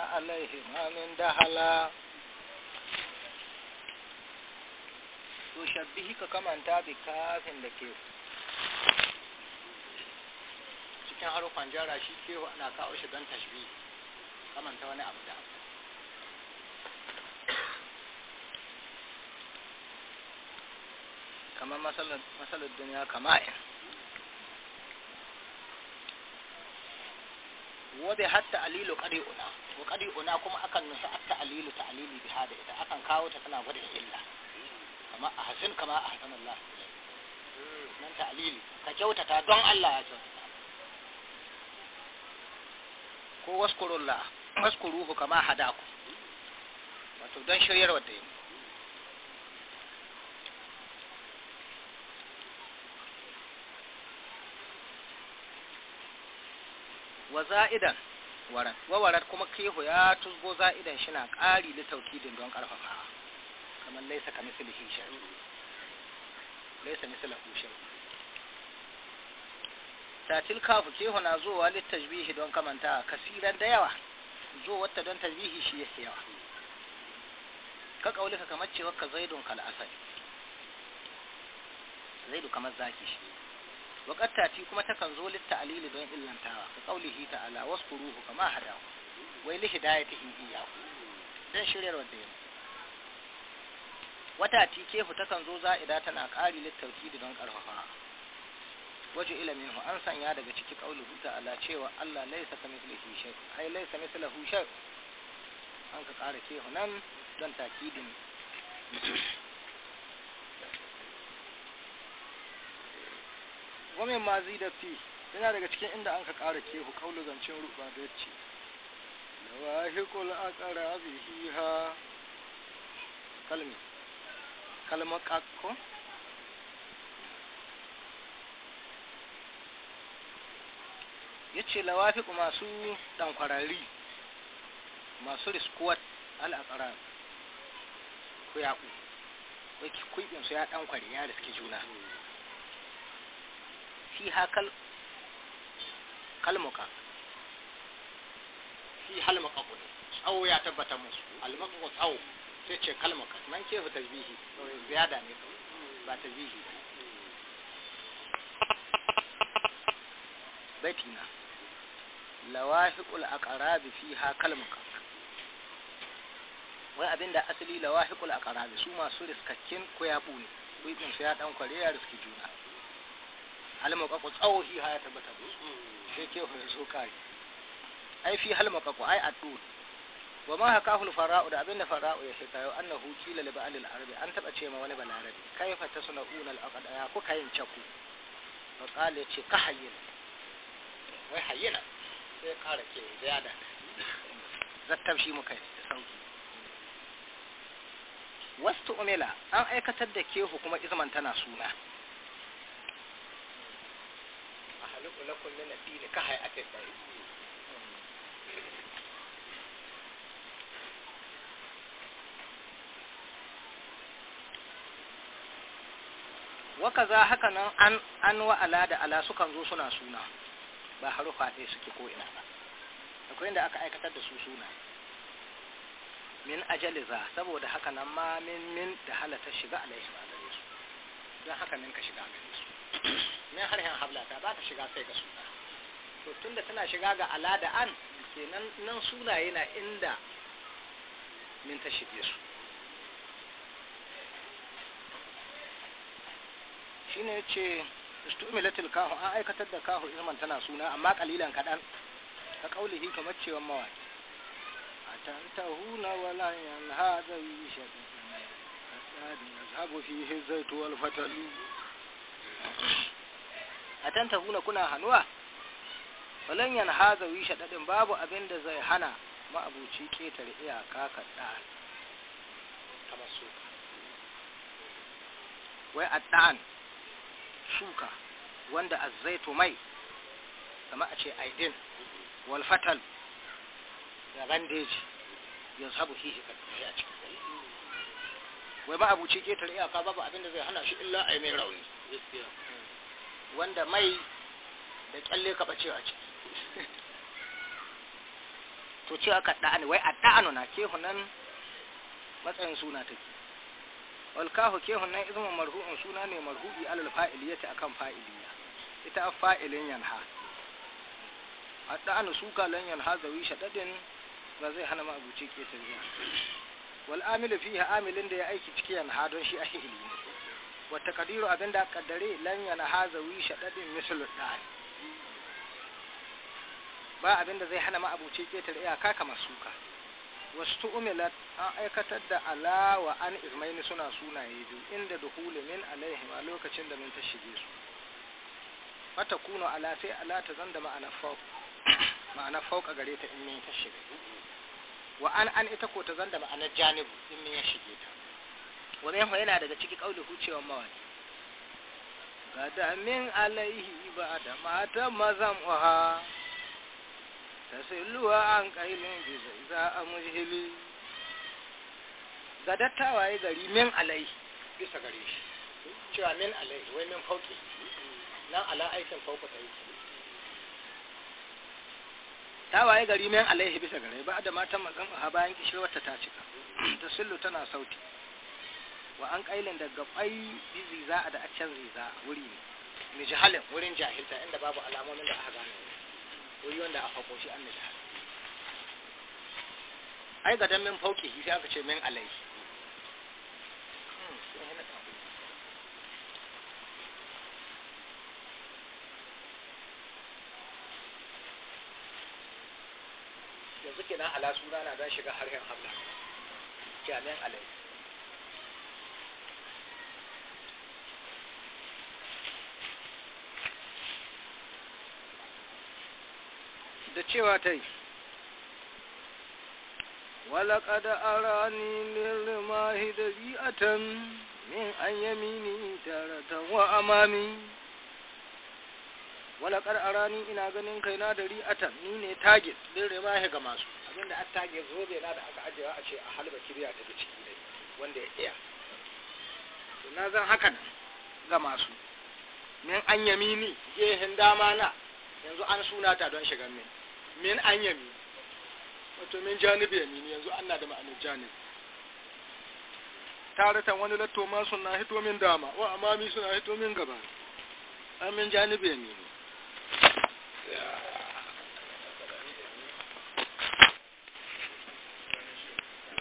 عليهما من دهلا tushabbihi ka kamanta bi kafin da ke cikin harufan jara shi ke ana kawo shi don tashbi kamanta wani abu da abu kamar masalar duniya kama'in wabe hatta alilu qadi una to qadi una kuma akan nusa hatta alilu ta alili bi hada ita akan kawo ta tana gwada illa kama a hasin kama a hasan Allah nan ta alili ka kyautata don Allah ya kyautata ko waskurullah waskuruhu kama hadaku wato don shiryar wadda yi wa za'idan waran wawarar kuma kihu ya tuzgo za'idan shi na ƙari da taukidin don ƙarfafa kamar laisa ka mislihi shay'u laisa mislahu shay'u tatil kafu kihu na zuwa lit tajbihi don kamanta kasiran da yawa zo wata don tajbihi shi ya yawa ka ka kamar cewa ka zaidun kal asali zaidu kamar zaki shi wa qattati kuma takan zo litta alili don illantawa ka qaulihi ta'ala waskuruhu kama hadahu wai li hidayatihi iyyahu dan shiryar wadda yau wata ti kefu takan zo za'ida tana ƙari littauki don ƙarfafa waje ilamin an sanya daga ciki ƙaunuhu ala cewa Allah laisa ka mislihi an ka kehu nan don takidin wa ma ma zida fi yana daga cikin inda an ka ƙara kehu kaulu zancen ruba da yace lawahiqul aqra biha kalmi kalmar kakko ya ce lawafiƙu masu ɗankwarari masu riskuwat al'aƙarar kuyaku wai kuɓinsu ya ɗankwari ya suke juna فيها كل كالمقا في حل مقابل أو يعتبر تبت موسى أو أو تيتش كالمقا من كيف تجبيهي زيادة نيكو بتجبيه بيتنا لواحق الأقراب فيها كالمقا wai abin da لواحق lawahiqul aqrab su masu riskakken ko yabo ne ko su ya halma kako tsawohi haya ya tabbata ba sai ke ya so kare ai fi halma kako ai addu wa ma hakahu al-fara'u da abinda fara'u ya shika yau annahu qila li ba'al al-arabi an taba ce ma wani balarabi kaifa tasna'una al-aqd ya kuka yin chaku fa qala ce ka hayyina wai hayyina sai kara ke ziyada zattabshi muka yi da sauki wasu umila an aikatar da kehu kuma izman tana suna khaliqu waka za haka nan an wa'ala da ala sukan zo suna suna ba harufa ɗaya suke ko ina ba akwai inda aka aikatar da su suna min ajali za saboda haka nan ma min min da halatta shiga alaihi ba da su don haka min ka shiga alaihi su min harhen hablata ba ta shiga sai ga suna to tunda tana shiga ga ala da an ke nan sunaye na inda min ta shige su shi ne ce istumilatil kahu an aikatar da kahu ilman tana suna amma kalilan kaɗan ta hin kamar cewan mawaki a huna wala yanha yi shaɗi a tsadin yazhabu fi hizzatu tuwal fatalu a tantahuna kuna hannuwa falan yana haza wisha dadin babu abin da zai hana ma'abuci ketare iyaka kaɗa kamar suka wai a addan shuka wanda a azzaitu mai kama a ce aidin walfatal da bandeji ya sabu hihi ka a cikin wai ma'abuci ketare iyaka babu abin da zai hana shi illa a yi mai rauni wanda mai da kyalle ka bace a ciki to ce aka da'ani wai a da'anu na ke hunan matsayin suna take walkahu ke hunan izinin marhu'un suna ne marhu'i alal fa'iliyati akan fa'iliya ita an fa'ilin yanha a da'anu suka lan yanha zawi shadadin ba zai hana ma abuci ke tarbiya wal amilu fiha amilin da ya aiki ciki yanha don shi ahili ne wa abin da kaddare lan yana hazawi shadadin mislu dai ba abinda zai hana ma'abuci ketar iyaka kamar suka wasu umilat an aikatar da alawa an ismaini suna sunaye biyu inda duhulu min alaihim a lokacin da min ta shige su fata kuno ala sai ala ta zanda ma'ana fauka gare ta in min ta shige wa an an ita ko ta zanda ma'anar janibu in min ya shige ta wa minhu yana daga ciki qauluhu cewa mawaki gada min alaihi ba da mata mazan uha tasiluwa an kailin bisa za a mujhili ga dattawa gari min alaihi bisa gare shi cewa min alaihi wai min fauki nan ala aikin fauka ta yi tawaye gari min alaihi bisa gare ba da matan mazan uha bayan wata ta cika tasillu tana sauti wa an kailin daga bai bizi za a da a can riza wuri ne jihalin wurin jahilta inda babu alamomin da aka gano wuri wanda a fako shi an nijihal ai ga dan min fauke shi aka ce min alai hmm, yanzu kenan ala suna na zai shiga harshen hamla jami'an alai da cewa ta yi walaƙad arani min hidari da min an yamini taratan wa amami walaƙad arani ina ganin kaina dari ri'atan ni ne target din rimahi ga masu abinda an target zobe na da aka ajiyewa a ce a halba kibiya ta ciki ne wanda ya iya na zan hakan ga masu min an yamini gehen dama na yanzu an suna ta don shigan mini min an yami wato min janibi yami yanzu ana da ma'anar janibi taratan wani latto ma suna hito min dama wa amami suna hito min gaba an min janibi yami